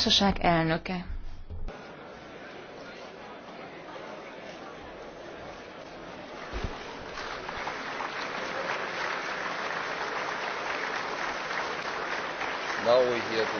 társaság elnöke. Now we hear the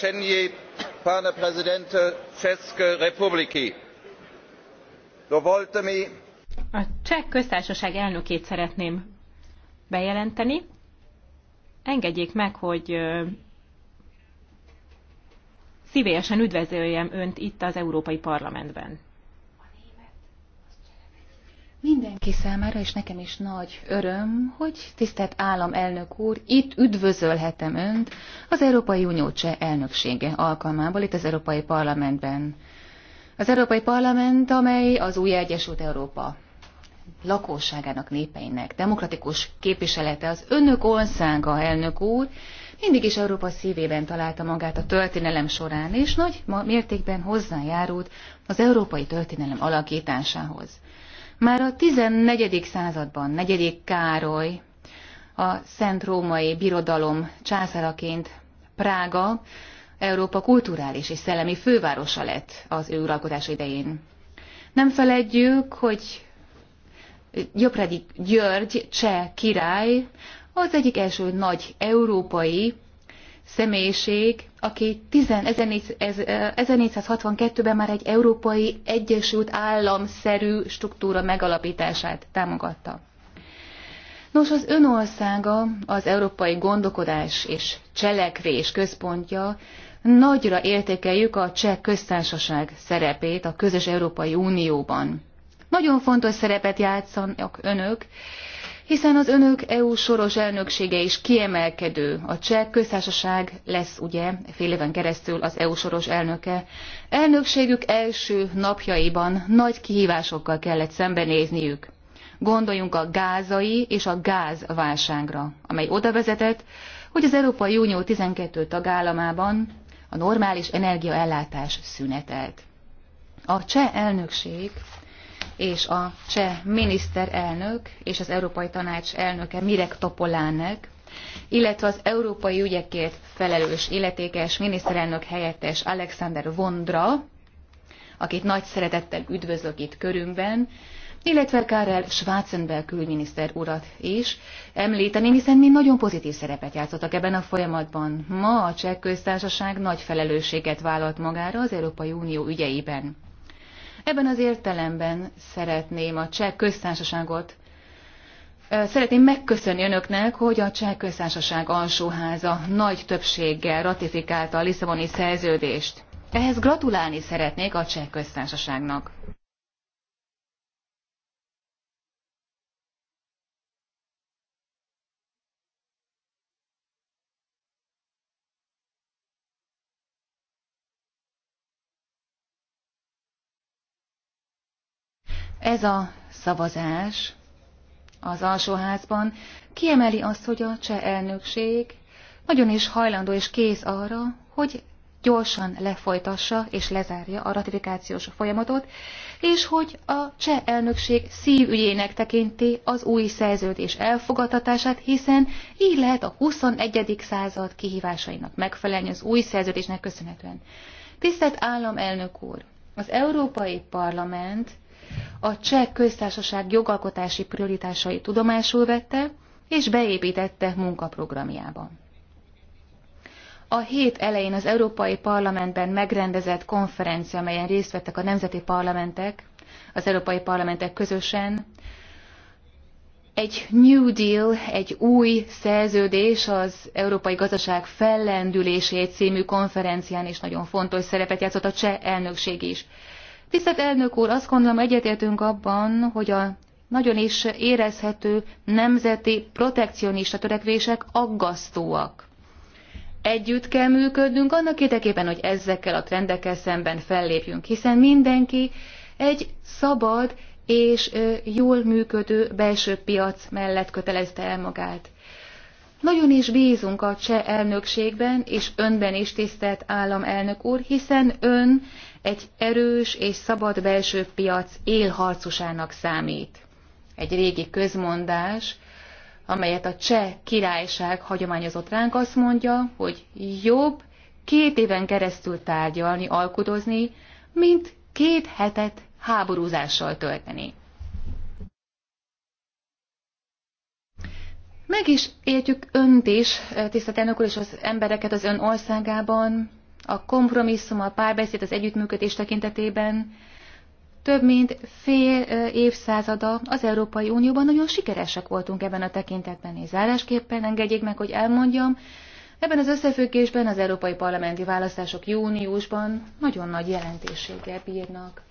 ogłoszenie pana prezydenta czeskiej republiki. Dovolte mi... A cseh köztársaság elnökét szeretném bejelenteni. Engedjék meg, hogy szívélyesen üdvözöljem önt itt az Európai Parlamentben. Mindenki számára, és nekem is nagy öröm, hogy tisztelt államelnök úr, itt üdvözölhetem Önt az Európai Unió Cseh elnöksége alkalmából, itt az Európai Parlamentben. Az Európai Parlament, amely az új Egyesült Európa lakosságának, népeinek demokratikus képviselete az önök országa, elnök úr, mindig is Európa szívében találta magát a történelem során, és nagy mértékben hozzájárult az európai történelem alakításához. Már a 14. században, negyedik Károly, a Szent Római Birodalom császáraként Prága Európa kulturális és szellemi fővárosa lett az ő uralkodás idején. Nem feledjük, hogy Jopredi György, cseh király, az egyik első nagy európai személyiség, aki 1462-ben már egy európai Egyesült Államszerű struktúra megalapítását támogatta. Nos, az önországa, az európai gondolkodás és cselekvés központja, nagyra értékeljük a cseh köztársaság szerepét a közös Európai Unióban. Nagyon fontos szerepet játszanak önök, hiszen az önök EU soros elnöksége is kiemelkedő. A cseh köztársaság lesz ugye fél éven keresztül az EU soros elnöke. Elnökségük első napjaiban nagy kihívásokkal kellett szembenézniük. Gondoljunk a gázai és a gázválságra, amely oda vezetett, hogy az Európai Unió 12 tagállamában a normális energiaellátás szünetelt. A cseh elnökség és a cseh miniszterelnök és az Európai Tanács elnöke Mirek Topolánek, illetve az európai ügyekért felelős illetékes miniszterelnök helyettes Alexander Vondra, akit nagy szeretettel üdvözlök itt körünkben, illetve Karel Schwarzenberg külügyminiszter urat is említeni, hiszen mi nagyon pozitív szerepet játszottak ebben a folyamatban. Ma a cseh köztársaság nagy felelősséget vállalt magára az Európai Unió ügyeiben. Ebben az értelemben szeretném a cseh köztársaságot Szeretném megköszönni önöknek, hogy a Cseh Köztársaság alsóháza nagy többséggel ratifikálta a Lisszaboni szerződést. Ehhez gratulálni szeretnék a Cseh Köztársaságnak. Ez a szavazás az alsóházban kiemeli azt, hogy a cseh elnökség nagyon is hajlandó és kész arra, hogy gyorsan lefolytassa és lezárja a ratifikációs folyamatot, és hogy a cseh elnökség szívügyének tekinti az új szerződés elfogadtatását, hiszen így lehet a 21. század kihívásainak megfelelni az új szerződésnek köszönhetően. Tisztelt államelnök úr! Az Európai Parlament a cseh köztársaság jogalkotási prioritásai tudomásul vette, és beépítette munkaprogramjába. A hét elején az Európai Parlamentben megrendezett konferencia, amelyen részt vettek a nemzeti parlamentek, az Európai Parlamentek közösen, egy New Deal, egy új szerződés az Európai Gazdaság fellendülését című konferencián is nagyon fontos szerepet játszott a cseh elnökség is. Tisztelt elnök úr, azt gondolom egyetértünk abban, hogy a nagyon is érezhető nemzeti protekcionista törekvések aggasztóak. Együtt kell működnünk annak érdekében, hogy ezekkel a trendekkel szemben fellépjünk, hiszen mindenki egy szabad és jól működő belső piac mellett kötelezte el magát. Nagyon is bízunk a cseh elnökségben és önben is tisztelt államelnök úr, hiszen ön egy erős és szabad belső piac élharcosának számít. Egy régi közmondás, amelyet a cseh királyság hagyományozott ránk, azt mondja, hogy jobb két éven keresztül tárgyalni, alkudozni, mint két hetet háborúzással tölteni. Meg is értjük önt is, tisztelt elnök úr, és az embereket az ön országában a kompromisszum, a párbeszéd, az együttműködés tekintetében több mint fél évszázada az Európai Unióban nagyon sikeresek voltunk ebben a tekintetben, és zárásképpen engedjék meg, hogy elmondjam, ebben az összefüggésben az európai parlamenti választások júniusban nagyon nagy jelentőséggel bírnak.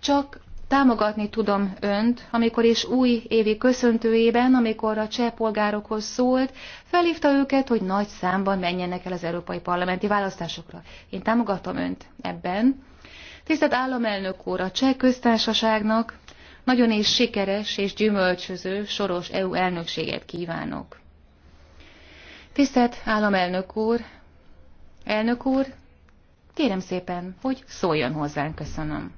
Csak Támogatni tudom önt, amikor is új évi köszöntőjében, amikor a cseh polgárokhoz szólt, felhívta őket, hogy nagy számban menjenek el az európai parlamenti választásokra. Én támogatom önt ebben. Tisztelt államelnök úr, a cseh köztársaságnak nagyon és sikeres és gyümölcsöző soros EU elnökséget kívánok. Tisztelt államelnök úr, elnök úr, kérem szépen, hogy szóljon hozzánk, köszönöm.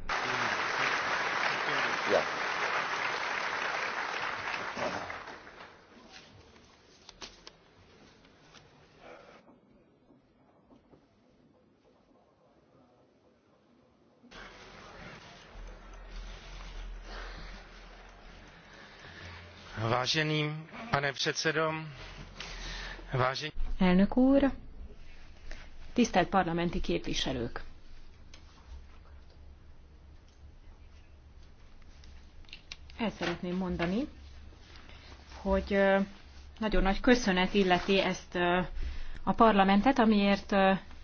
Vážený pane předsedo, vážený... Elnök úr, tisztelt parlamenti képviselők! El szeretném mondani, hogy nagyon nagy köszönet illeti ezt a parlamentet, amiért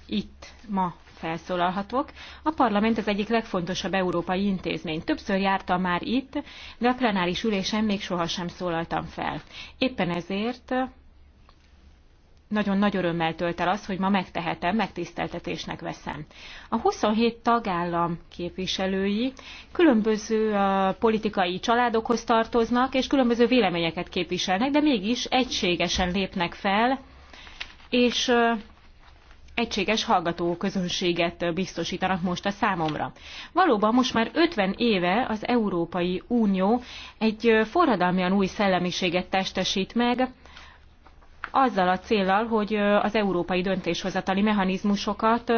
itt ma felszólalhatok. A parlament az egyik legfontosabb európai intézmény. Többször jártam már itt, de a plenáris ülésen még sohasem szólaltam fel. Éppen ezért nagyon nagy örömmel tölt el az, hogy ma megtehetem, megtiszteltetésnek veszem. A 27 tagállam képviselői különböző politikai családokhoz tartoznak, és különböző véleményeket képviselnek, de mégis egységesen lépnek fel, és egységes hallgatóközönséget biztosítanak most a számomra. Valóban most már 50 éve az Európai Unió egy forradalmian új szellemiséget testesít meg, azzal a célral, hogy az európai döntéshozatali mechanizmusokat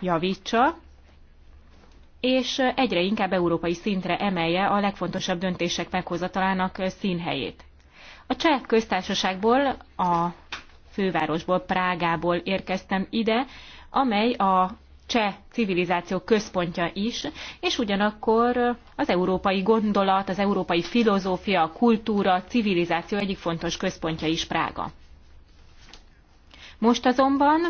javítsa, és egyre inkább európai szintre emelje a legfontosabb döntések meghozatalának színhelyét. A cseh köztársaságból a fővárosból, Prágából érkeztem ide, amely a cseh civilizáció központja is, és ugyanakkor az európai gondolat, az európai filozófia, a kultúra, a civilizáció egyik fontos központja is Prága. Most azonban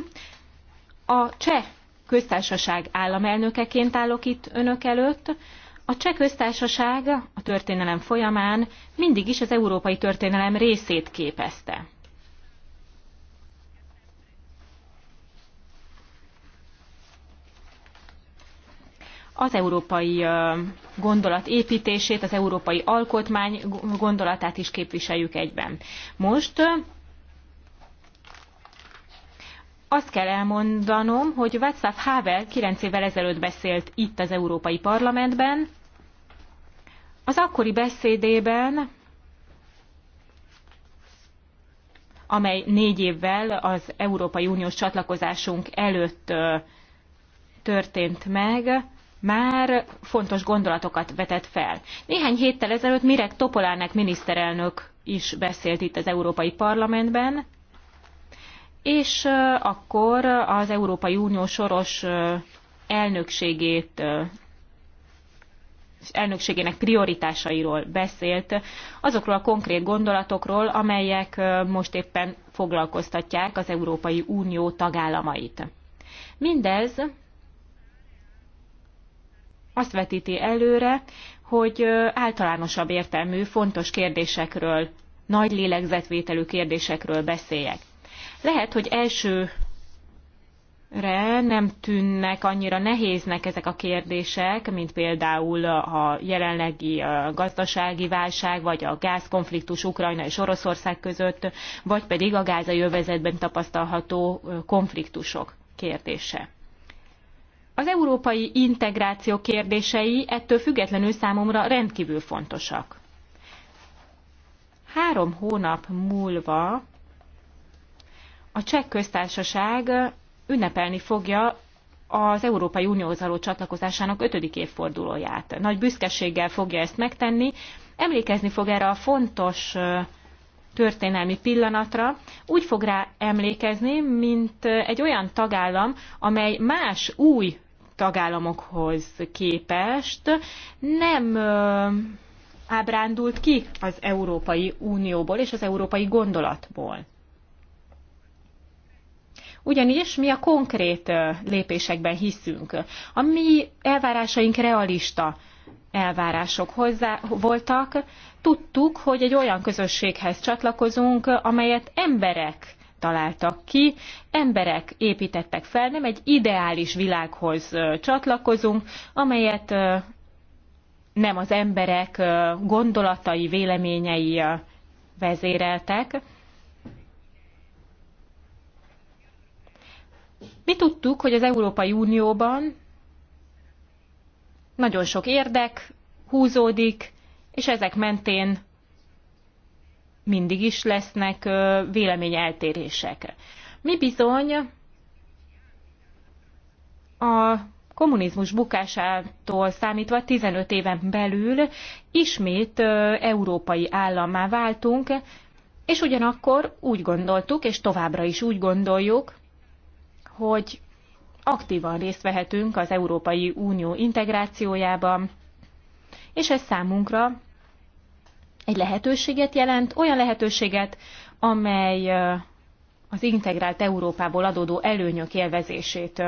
a cseh köztársaság államelnökeként állok itt önök előtt. A cseh köztársaság a történelem folyamán mindig is az európai történelem részét képezte. az európai gondolat építését, az európai alkotmány gondolatát is képviseljük egyben. Most azt kell elmondanom, hogy Václav Havel 9 évvel ezelőtt beszélt itt az Európai Parlamentben. Az akkori beszédében, amely négy évvel az Európai Uniós csatlakozásunk előtt történt meg, már fontos gondolatokat vetett fel. Néhány héttel ezelőtt Mirek Topolának miniszterelnök is beszélt itt az Európai Parlamentben, és akkor az Európai Unió soros elnökségét elnökségének prioritásairól beszélt, azokról a konkrét gondolatokról, amelyek most éppen foglalkoztatják az Európai Unió tagállamait. Mindez azt vetíti előre, hogy általánosabb értelmű, fontos kérdésekről, nagy lélegzetvételű kérdésekről beszéljek. Lehet, hogy első re nem tűnnek annyira nehéznek ezek a kérdések, mint például a jelenlegi gazdasági válság, vagy a gázkonfliktus Ukrajna és Oroszország között, vagy pedig a gázai övezetben tapasztalható konfliktusok kérdése. Az európai integráció kérdései ettől függetlenül számomra rendkívül fontosak. Három hónap múlva a cseh köztársaság ünnepelni fogja az Európai Unióhoz való csatlakozásának ötödik évfordulóját. Nagy büszkeséggel fogja ezt megtenni, emlékezni fog erre a fontos történelmi pillanatra, úgy fog rá emlékezni, mint egy olyan tagállam, amely más új tagállamokhoz képest nem ábrándult ki az Európai Unióból és az európai gondolatból. Ugyanis mi a konkrét lépésekben hiszünk. A mi elvárásaink realista elvárások hozzá voltak. Tudtuk, hogy egy olyan közösséghez csatlakozunk, amelyet emberek találtak ki, emberek építettek fel, nem egy ideális világhoz csatlakozunk, amelyet nem az emberek gondolatai, véleményei vezéreltek. Mi tudtuk, hogy az Európai Unióban nagyon sok érdek húzódik, és ezek mentén mindig is lesznek véleményeltérések. Mi bizony a kommunizmus bukásától számítva 15 éven belül ismét európai állammá váltunk, és ugyanakkor úgy gondoltuk, és továbbra is úgy gondoljuk, hogy aktívan részt vehetünk az Európai Unió integrációjában, és ez számunkra egy lehetőséget jelent, olyan lehetőséget, amely az integrált Európából adódó előnyök élvezését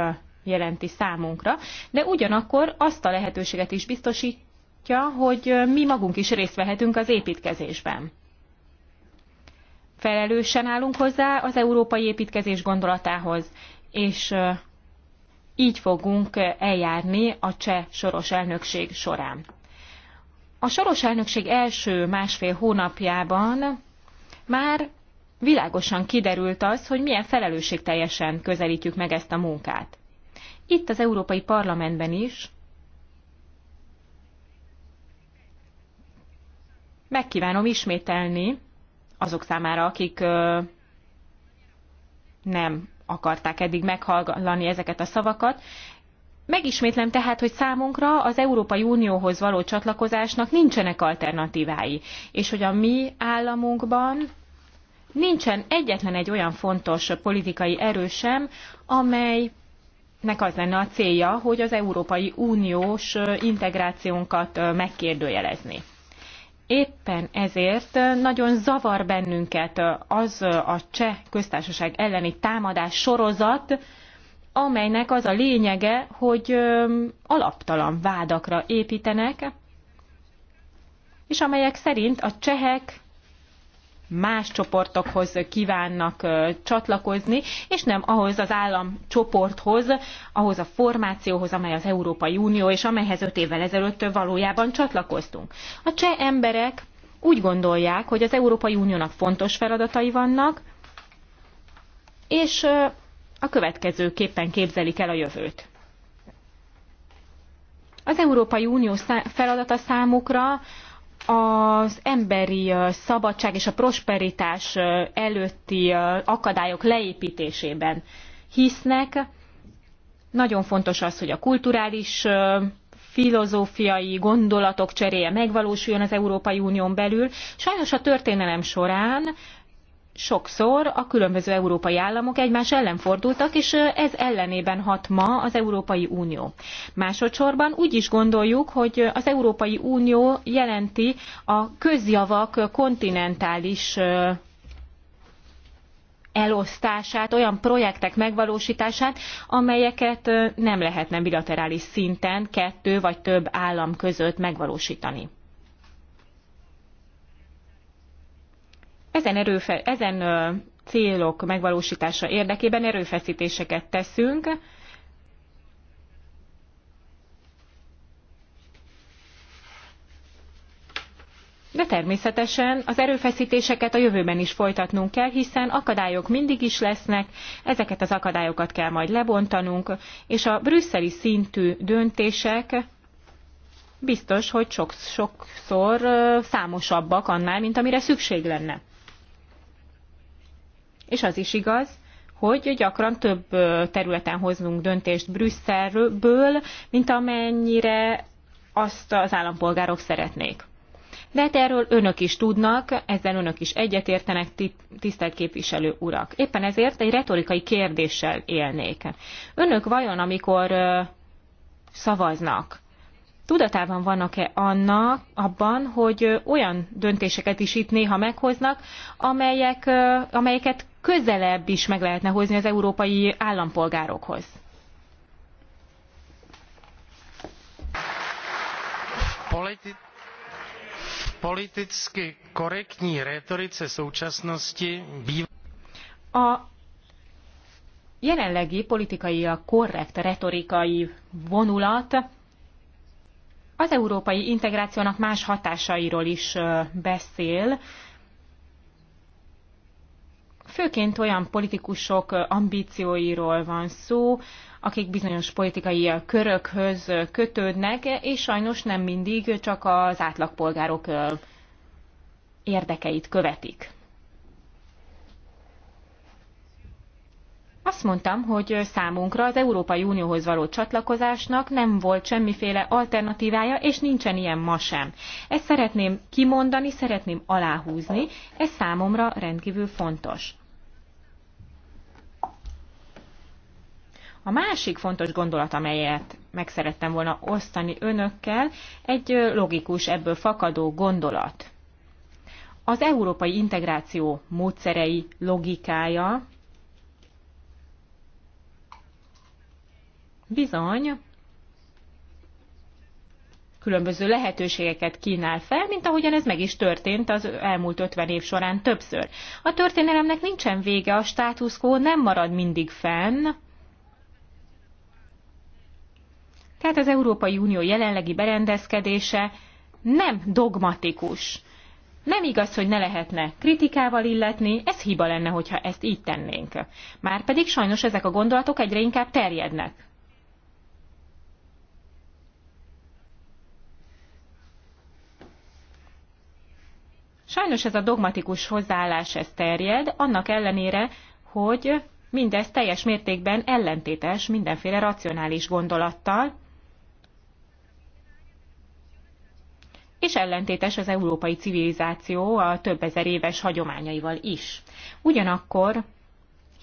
jelenti számunkra, de ugyanakkor azt a lehetőséget is biztosítja, hogy mi magunk is részt vehetünk az építkezésben. Felelősen állunk hozzá az európai építkezés gondolatához, és így fogunk eljárni a cseh soros elnökség során. A soros elnökség első másfél hónapjában már világosan kiderült az, hogy milyen felelősségteljesen közelítjük meg ezt a munkát. Itt az Európai Parlamentben is megkívánom ismételni azok számára, akik ö, nem akarták eddig meghallani ezeket a szavakat, Megismétlem tehát, hogy számunkra az Európai Unióhoz való csatlakozásnak nincsenek alternatívái, és hogy a mi államunkban nincsen egyetlen egy olyan fontos politikai erő sem, amelynek az lenne a célja, hogy az Európai Uniós integrációnkat megkérdőjelezni. Éppen ezért nagyon zavar bennünket az a cseh köztársaság elleni támadás sorozat, amelynek az a lényege, hogy alaptalan vádakra építenek, és amelyek szerint a csehek más csoportokhoz kívánnak csatlakozni, és nem ahhoz az államcsoporthoz, ahhoz a formációhoz, amely az Európai Unió, és amelyhez öt évvel ezelőtt valójában csatlakoztunk. A cseh emberek úgy gondolják, hogy az Európai Uniónak fontos feladatai vannak, és a következőképpen képzelik el a jövőt. Az Európai Unió feladata számukra az emberi szabadság és a prosperitás előtti akadályok leépítésében hisznek. Nagyon fontos az, hogy a kulturális filozófiai gondolatok cseréje megvalósuljon az Európai Unión belül. Sajnos a történelem során sokszor a különböző európai államok egymás ellen fordultak, és ez ellenében hat ma az Európai Unió. Másodszorban úgy is gondoljuk, hogy az Európai Unió jelenti a közjavak kontinentális elosztását, olyan projektek megvalósítását, amelyeket nem lehetne bilaterális szinten kettő vagy több állam között megvalósítani. Ezen, erőfe, ezen célok megvalósítása érdekében erőfeszítéseket teszünk, De természetesen az erőfeszítéseket a jövőben is folytatnunk kell, hiszen akadályok mindig is lesznek, ezeket az akadályokat kell majd lebontanunk, és a brüsszeli szintű döntések biztos, hogy sok, sokszor számosabbak annál, mint amire szükség lenne. És az is igaz, hogy gyakran több területen hozunk döntést Brüsszelből, mint amennyire azt az állampolgárok szeretnék. De hát erről önök is tudnak, ezzel önök is egyetértenek, tisztelt képviselő urak. Éppen ezért egy retorikai kérdéssel élnék. Önök vajon, amikor szavaznak, tudatában vannak-e annak, abban, hogy olyan döntéseket is itt néha meghoznak, amelyek, amelyeket közelebb is meg lehetne hozni az európai állampolgárokhoz? Politi- politicky korektní retorice současnosti bývá... A jelenlegi politikai a korrekt retorikai vonulat az európai integrációnak más hatásairól is beszél, főként olyan politikusok ambícióiról van szó, akik bizonyos politikai körökhöz kötődnek, és sajnos nem mindig csak az átlagpolgárok érdekeit követik. Azt mondtam, hogy számunkra az Európai Unióhoz való csatlakozásnak nem volt semmiféle alternatívája, és nincsen ilyen ma sem. Ezt szeretném kimondani, szeretném aláhúzni, ez számomra rendkívül fontos. A másik fontos gondolat, amelyet meg szerettem volna osztani önökkel, egy logikus, ebből fakadó gondolat. Az európai integráció módszerei logikája bizony különböző lehetőségeket kínál fel, mint ahogyan ez meg is történt az elmúlt 50 év során többször. A történelemnek nincsen vége, a status quo nem marad mindig fenn. Tehát az Európai Unió jelenlegi berendezkedése nem dogmatikus. Nem igaz, hogy ne lehetne kritikával illetni, ez hiba lenne, hogyha ezt így tennénk. Márpedig sajnos ezek a gondolatok egyre inkább terjednek. Sajnos ez a dogmatikus hozzáállás ez terjed, annak ellenére, hogy mindez teljes mértékben ellentétes mindenféle racionális gondolattal, és ellentétes az európai civilizáció a több ezer éves hagyományaival is. Ugyanakkor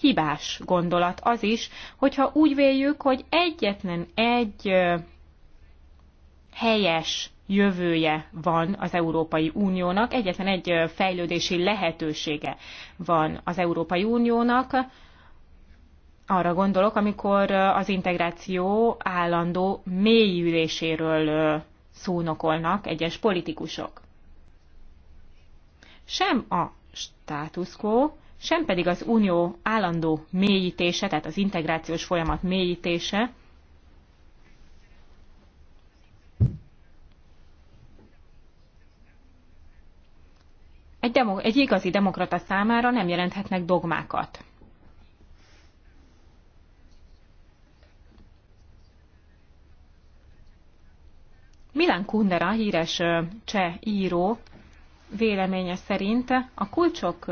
hibás gondolat az is, hogyha úgy véljük, hogy egyetlen egy helyes jövője van az Európai Uniónak, egyetlen egy fejlődési lehetősége van az Európai Uniónak. Arra gondolok, amikor az integráció állandó mélyüléséről szónokolnak egyes politikusok. Sem a státuszkó, sem pedig az unió állandó mélyítése, tehát az integrációs folyamat mélyítése egy, demo, egy igazi demokrata számára nem jelenthetnek dogmákat. Milán Kundera, híres cseh író véleménye szerint a kulcsok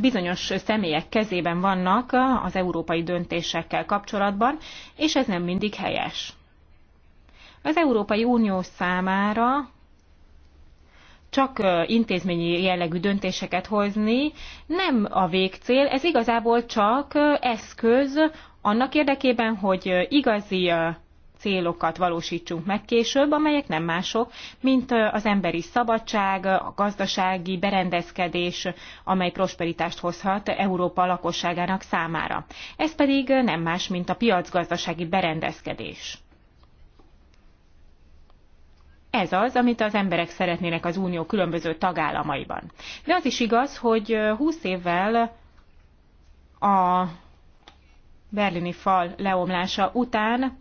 bizonyos személyek kezében vannak az európai döntésekkel kapcsolatban, és ez nem mindig helyes. Az Európai Unió számára csak intézményi jellegű döntéseket hozni, nem a végcél, ez igazából csak eszköz annak érdekében, hogy igazi célokat valósítsunk meg később, amelyek nem mások, mint az emberi szabadság, a gazdasági berendezkedés, amely prosperitást hozhat Európa lakosságának számára. Ez pedig nem más, mint a piacgazdasági berendezkedés. Ez az, amit az emberek szeretnének az unió különböző tagállamaiban. De az is igaz, hogy 20 évvel a berlini fal leomlása után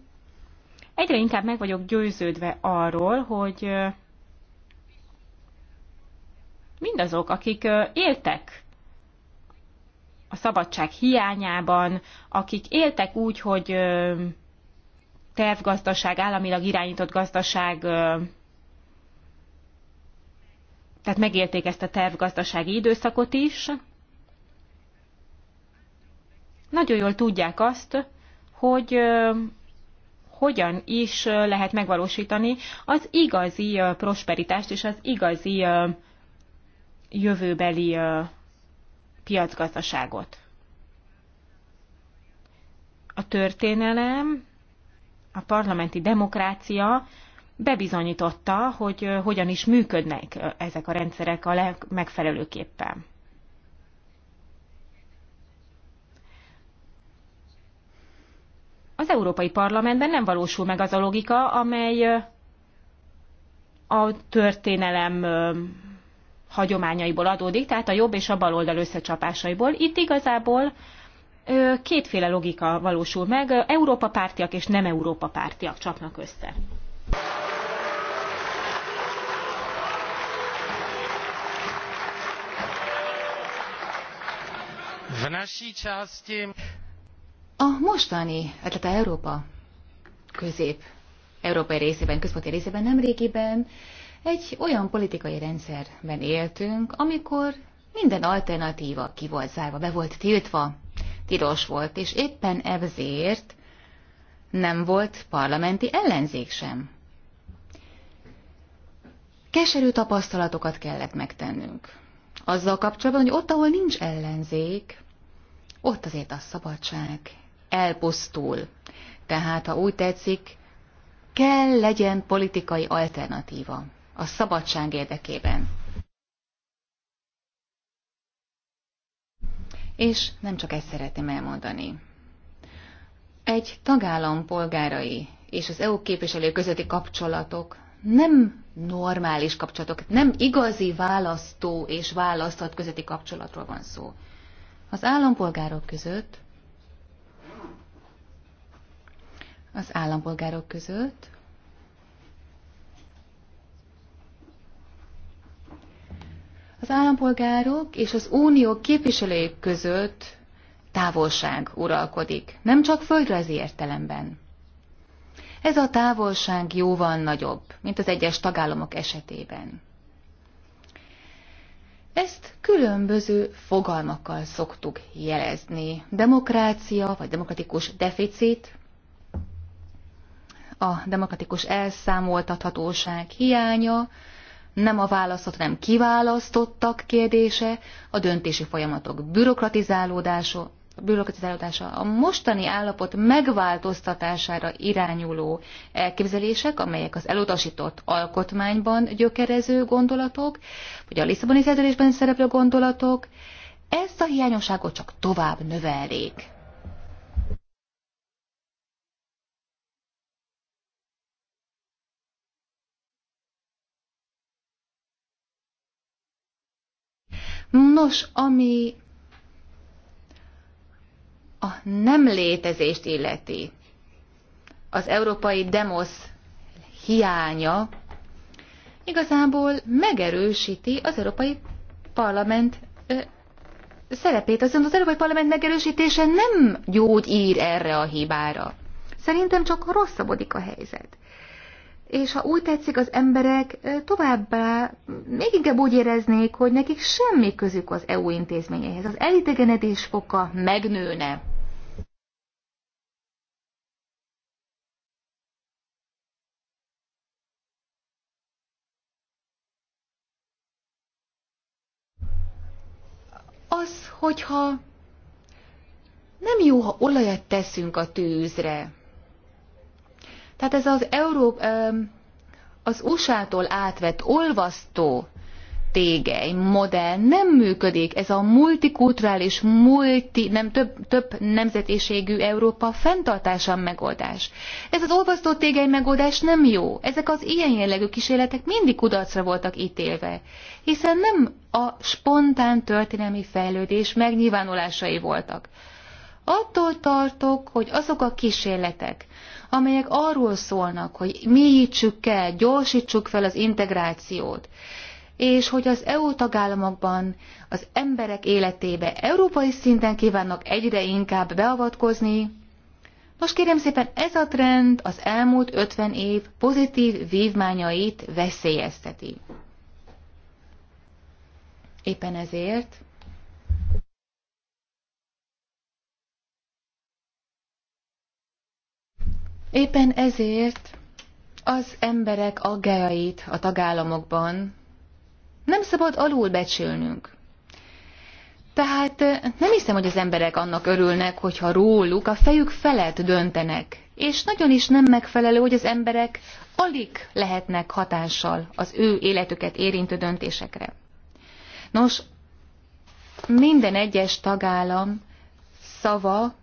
egyre inkább meg vagyok győződve arról, hogy mindazok, akik éltek a szabadság hiányában, akik éltek úgy, hogy tervgazdaság, államilag irányított gazdaság tehát megélték ezt a tervgazdasági időszakot is, nagyon jól tudják azt, hogy hogyan is lehet megvalósítani az igazi prosperitást és az igazi jövőbeli piacgazdaságot. A történelem, a parlamenti demokrácia bebizonyította, hogy hogyan is működnek ezek a rendszerek a legmegfelelőképpen. Az Európai Parlamentben nem valósul meg az a logika, amely a történelem hagyományaiból adódik, tehát a jobb és a bal oldal összecsapásaiból. Itt igazából kétféle logika valósul meg, Európa pártiak és nem Európa pártiak csapnak össze. V naší části... A mostani, tehát Európa közép európai részében, központi részében nemrégiben egy olyan politikai rendszerben éltünk, amikor minden alternatíva ki volt zárva, be volt tiltva, tilos volt, és éppen ezért nem volt parlamenti ellenzék sem. Keserű tapasztalatokat kellett megtennünk azzal kapcsolatban, hogy ott, ahol nincs ellenzék, ott azért a szabadság elpusztul. Tehát, ha úgy tetszik, kell legyen politikai alternatíva a szabadság érdekében. És nem csak ezt szeretném elmondani. Egy tagállam polgárai és az EU képviselő közötti kapcsolatok nem normális kapcsolatok, nem igazi választó és választat közötti kapcsolatról van szó. Az állampolgárok között az állampolgárok között az állampolgárok és az unió képviselői között távolság uralkodik, nem csak földrajzi értelemben. Ez a távolság jóval nagyobb, mint az egyes tagállamok esetében. Ezt különböző fogalmakkal szoktuk jelezni. Demokrácia vagy demokratikus deficit, a demokratikus elszámoltathatóság hiánya, nem a választott, nem kiválasztottak kérdése, a döntési folyamatok bürokratizálódása, bürokratizálódása, a mostani állapot megváltoztatására irányuló elképzelések, amelyek az elutasított alkotmányban gyökerező gondolatok, vagy a Lisszaboni szerződésben szereplő gondolatok, ezt a hiányosságot csak tovább növelik. Nos, ami a nem létezést illeti. Az európai demosz hiánya igazából megerősíti az Európai Parlament ö, szerepét, azon az Európai Parlament megerősítése nem gyógyír erre a hibára. Szerintem csak rosszabbodik a helyzet. És ha úgy tetszik, az emberek továbbá még inkább úgy éreznék, hogy nekik semmi közük az EU intézményeihez. Az elidegenedés foka megnőne. hogyha nem jó, ha olajat teszünk a tűzre. Tehát ez az Európ, az USA-tól átvett olvasztó tégely modell nem működik. Ez a multikulturális, multi, nem több, több nemzetiségű Európa fenntartása megoldás. Ez az olvasztó tégely megoldás nem jó. Ezek az ilyen jellegű kísérletek mindig kudarcra voltak ítélve, hiszen nem a spontán történelmi fejlődés megnyilvánulásai voltak. Attól tartok, hogy azok a kísérletek, amelyek arról szólnak, hogy mélyítsük el, gyorsítsuk fel az integrációt, és hogy az EU tagállamokban az emberek életébe európai szinten kívánnak egyre inkább beavatkozni. Most kérem szépen, ez a trend az elmúlt 50 év pozitív vívmányait veszélyezteti. Éppen ezért Éppen ezért az emberek aggájait a tagállamokban nem szabad alulbecsülnünk. Tehát nem hiszem, hogy az emberek annak örülnek, hogyha róluk a fejük felett döntenek. És nagyon is nem megfelelő, hogy az emberek alig lehetnek hatással az ő életüket érintő döntésekre. Nos, minden egyes tagállam szava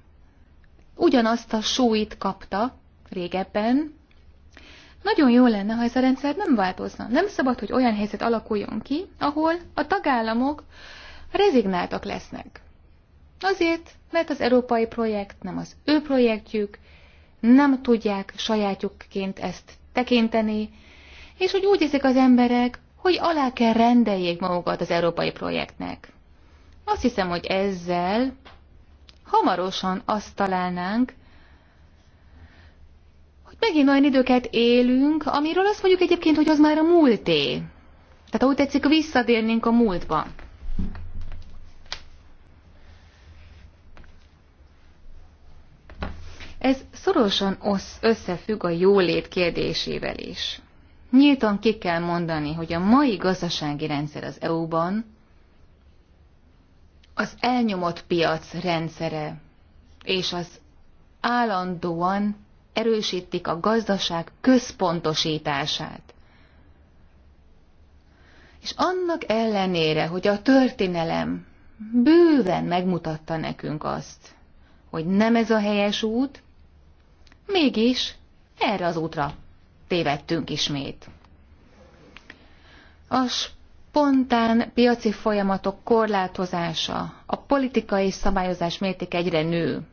ugyanazt a súlyt kapta régebben, nagyon jó lenne, ha ez a rendszer nem változna. Nem szabad, hogy olyan helyzet alakuljon ki, ahol a tagállamok rezignáltak lesznek. Azért, mert az európai projekt nem az ő projektjük, nem tudják sajátjukként ezt tekinteni, és hogy úgy érzik az emberek, hogy alá kell rendeljék magukat az európai projektnek. Azt hiszem, hogy ezzel hamarosan azt találnánk, megint olyan időket élünk, amiről azt mondjuk egyébként, hogy az már a múlté. Tehát ahogy tetszik, visszatérnénk a múltba. Ez szorosan összefügg a jólét kérdésével is. Nyíltan ki kell mondani, hogy a mai gazdasági rendszer az EU-ban az elnyomott piac rendszere, és az állandóan erősítik a gazdaság központosítását. És annak ellenére, hogy a történelem bőven megmutatta nekünk azt, hogy nem ez a helyes út, mégis erre az útra tévedtünk ismét. A spontán piaci folyamatok korlátozása, a politikai szabályozás mérték egyre nő.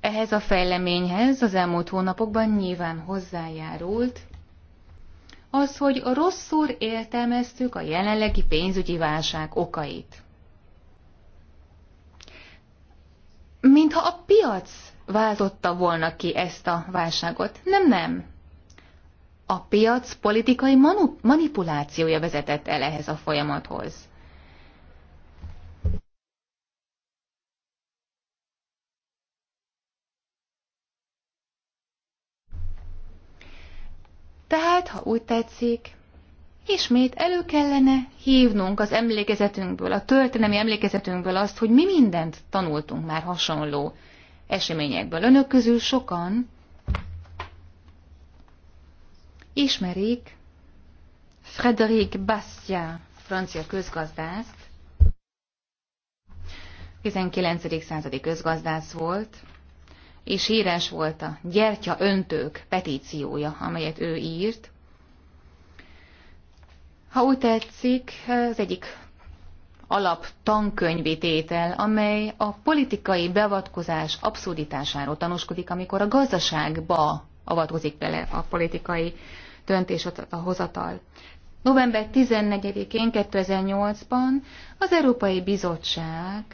Ehhez a fejleményhez az elmúlt hónapokban nyilván hozzájárult az, hogy rosszul értelmeztük a jelenlegi pénzügyi válság okait. Mintha a piac váltotta volna ki ezt a válságot. Nem, nem. A piac politikai manipulációja vezetett el ehhez a folyamathoz. Tehát, ha úgy tetszik, ismét elő kellene hívnunk az emlékezetünkből, a történelmi emlékezetünkből azt, hogy mi mindent tanultunk már hasonló eseményekből. Önök közül sokan ismerik Frédéric Bastia, francia közgazdászt, 19. századi közgazdász volt, és híres volt a Gyertya Öntők petíciója, amelyet ő írt. Ha úgy tetszik, az egyik alap tankönyvitétel, amely a politikai beavatkozás abszurditásáról tanúskodik, amikor a gazdaságba avatkozik bele a politikai hozatal. November 14-én 2008-ban az Európai Bizottság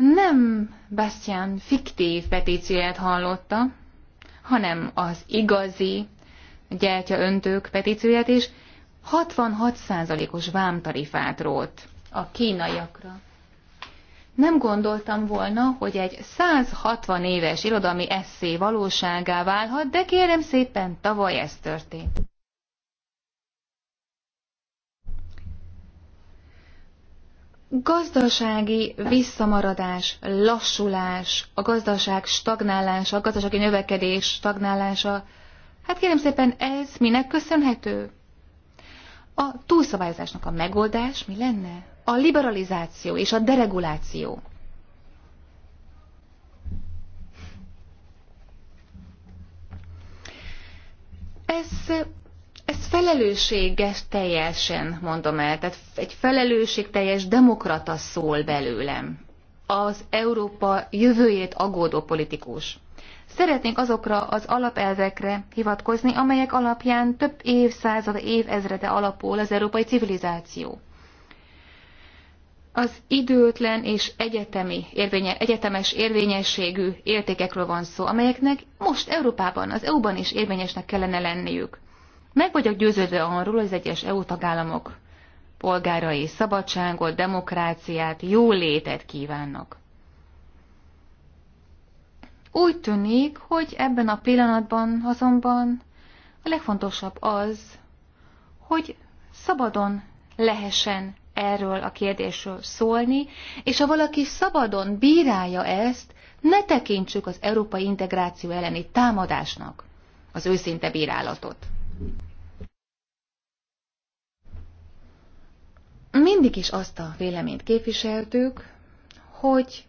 nem Bastian fiktív petícióját hallotta, hanem az igazi gyertyaöntők petícióját, és 66%-os vámtarifát rót a kínaiakra. Nem gondoltam volna, hogy egy 160 éves irodalmi eszé valóságá válhat, de kérem szépen, tavaly ez történt. Gazdasági visszamaradás, lassulás, a gazdaság stagnálása, a gazdasági növekedés stagnálása, hát kérem szépen ez minek köszönhető? A túlszabályozásnak a megoldás mi lenne? A liberalizáció és a dereguláció. Ez felelősséges teljesen mondom el, tehát egy felelősségteljes demokrata szól belőlem. Az Európa jövőjét agódó politikus. Szeretnék azokra az alapelvekre hivatkozni, amelyek alapján több évszázad, évezrede alapul az európai civilizáció. Az időtlen és egyetemi, érvénye, egyetemes érvényességű értékekről van szó, amelyeknek most Európában, az EU-ban is érvényesnek kellene lenniük. Meg vagyok győződve arról, hogy az egyes EU tagállamok polgárai szabadságot, demokráciát, jólétet kívánnak. Úgy tűnik, hogy ebben a pillanatban azonban a legfontosabb az, hogy szabadon lehessen erről a kérdésről szólni, és ha valaki szabadon bírálja ezt, ne tekintsük az európai integráció elleni támadásnak az őszinte bírálatot. Mindig is azt a véleményt képviseltük, hogy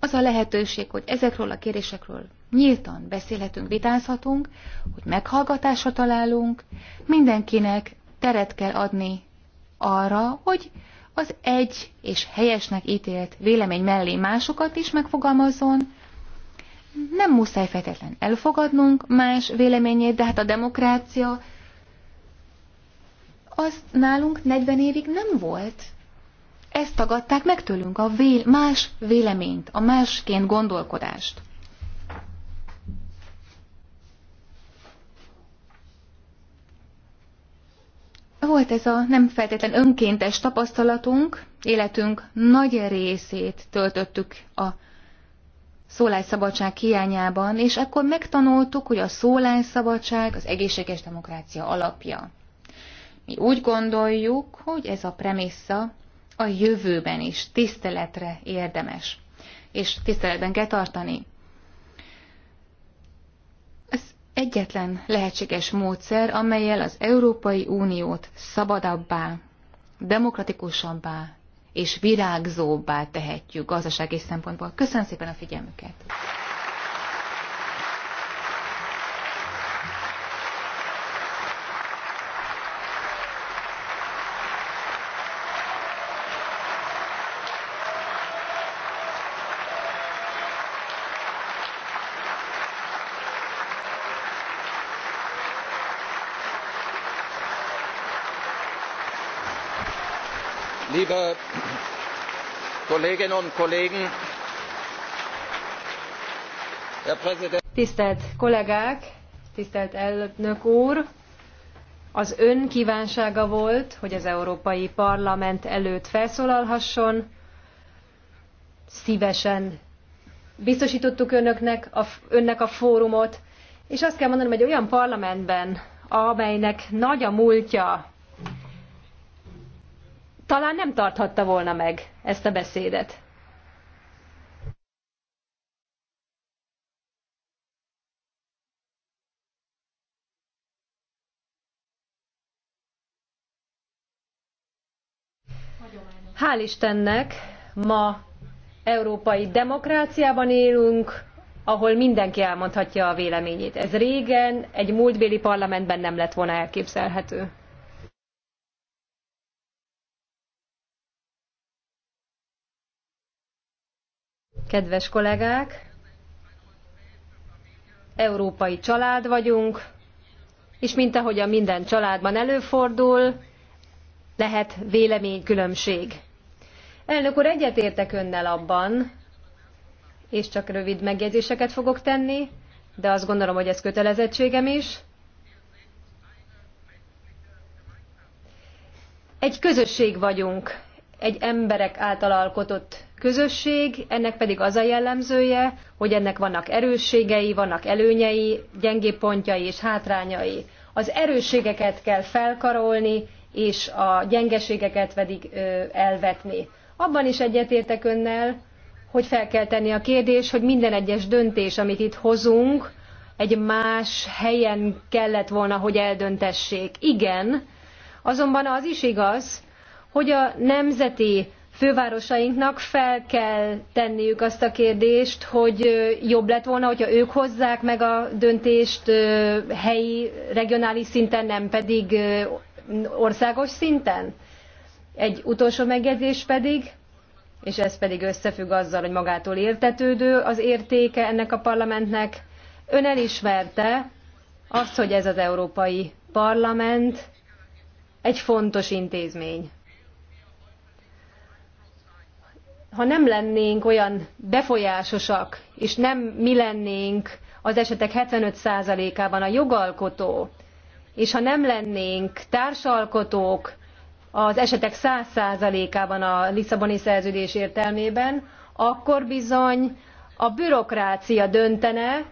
az a lehetőség, hogy ezekről a kérésekről nyíltan beszélhetünk, vitázhatunk, hogy meghallgatásra találunk, mindenkinek teret kell adni arra, hogy az egy és helyesnek ítélt vélemény mellé másokat is megfogalmazzon, nem muszáj fejtetlen elfogadnunk más véleményét, de hát a demokrácia az nálunk 40 évig nem volt. Ezt tagadták meg tőlünk, a vél, más véleményt, a másként gondolkodást. Volt ez a nem feltétlen önkéntes tapasztalatunk, életünk nagy részét töltöttük a szólásszabadság hiányában, és akkor megtanultuk, hogy a szólásszabadság az egészséges demokrácia alapja. Mi úgy gondoljuk, hogy ez a premissza a jövőben is tiszteletre érdemes, és tiszteletben kell tartani. Ez egyetlen lehetséges módszer, amelyel az Európai Uniót szabadabbá, demokratikusabbá és virágzóbbá tehetjük gazdasági szempontból. Köszönöm szépen a figyelmüket! Liebe Kolleginnen und Kollegen, Tisztelt kollégák, tisztelt elnök úr! Az ön kvánsága volt, hogy az Európai Parlament előtt felszólalhasson. szvesen biztostottuk önöknek a, önnek a fórumot, és azt kell mondanom, hogy olyan parlamentben, amelynek nagy a múltja, talán nem tarthatta volna meg ezt a beszédet. Hál' Istennek ma európai demokráciában élünk, ahol mindenki elmondhatja a véleményét. Ez régen egy múltbéli parlamentben nem lett volna elképzelhető. Kedves kollégák, európai család vagyunk, és mint ahogy a minden családban előfordul, lehet véleménykülönbség. Elnök úr, egyetértek önnel abban, és csak rövid megjegyzéseket fogok tenni, de azt gondolom, hogy ez kötelezettségem is. Egy közösség vagyunk, egy emberek által alkotott közösség, ennek pedig az a jellemzője, hogy ennek vannak erősségei, vannak előnyei, gyengébb pontjai és hátrányai. Az erősségeket kell felkarolni, és a gyengeségeket pedig elvetni. Abban is egyetértek önnel, hogy fel kell tenni a kérdés, hogy minden egyes döntés, amit itt hozunk, egy más helyen kellett volna, hogy eldöntessék. Igen, azonban az is igaz, hogy a nemzeti fővárosainknak fel kell tenniük azt a kérdést, hogy jobb lett volna, hogyha ők hozzák meg a döntést helyi, regionális szinten, nem pedig országos szinten? Egy utolsó megjegyzés pedig, és ez pedig összefügg azzal, hogy magától értetődő az értéke ennek a parlamentnek. Ön elismerte azt, hogy ez az Európai Parlament egy fontos intézmény ha nem lennénk olyan befolyásosak, és nem mi lennénk az esetek 75%-ában a jogalkotó, és ha nem lennénk társalkotók az esetek 100%-ában a Lisszaboni szerződés értelmében, akkor bizony a bürokrácia döntene,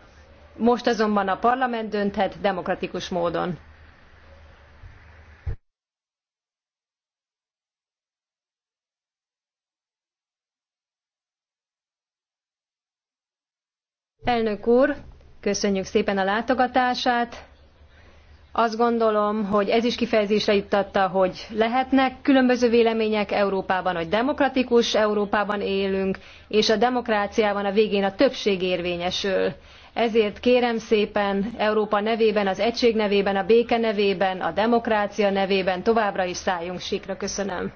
most azonban a parlament dönthet demokratikus módon. Elnök úr, köszönjük szépen a látogatását. Azt gondolom, hogy ez is kifejezésre juttatta, hogy lehetnek különböző vélemények Európában, hogy demokratikus Európában élünk, és a demokráciában a végén a többség érvényesül. Ezért kérem szépen Európa nevében, az egység nevében, a béke nevében, a demokrácia nevében továbbra is szálljunk síkra. Köszönöm.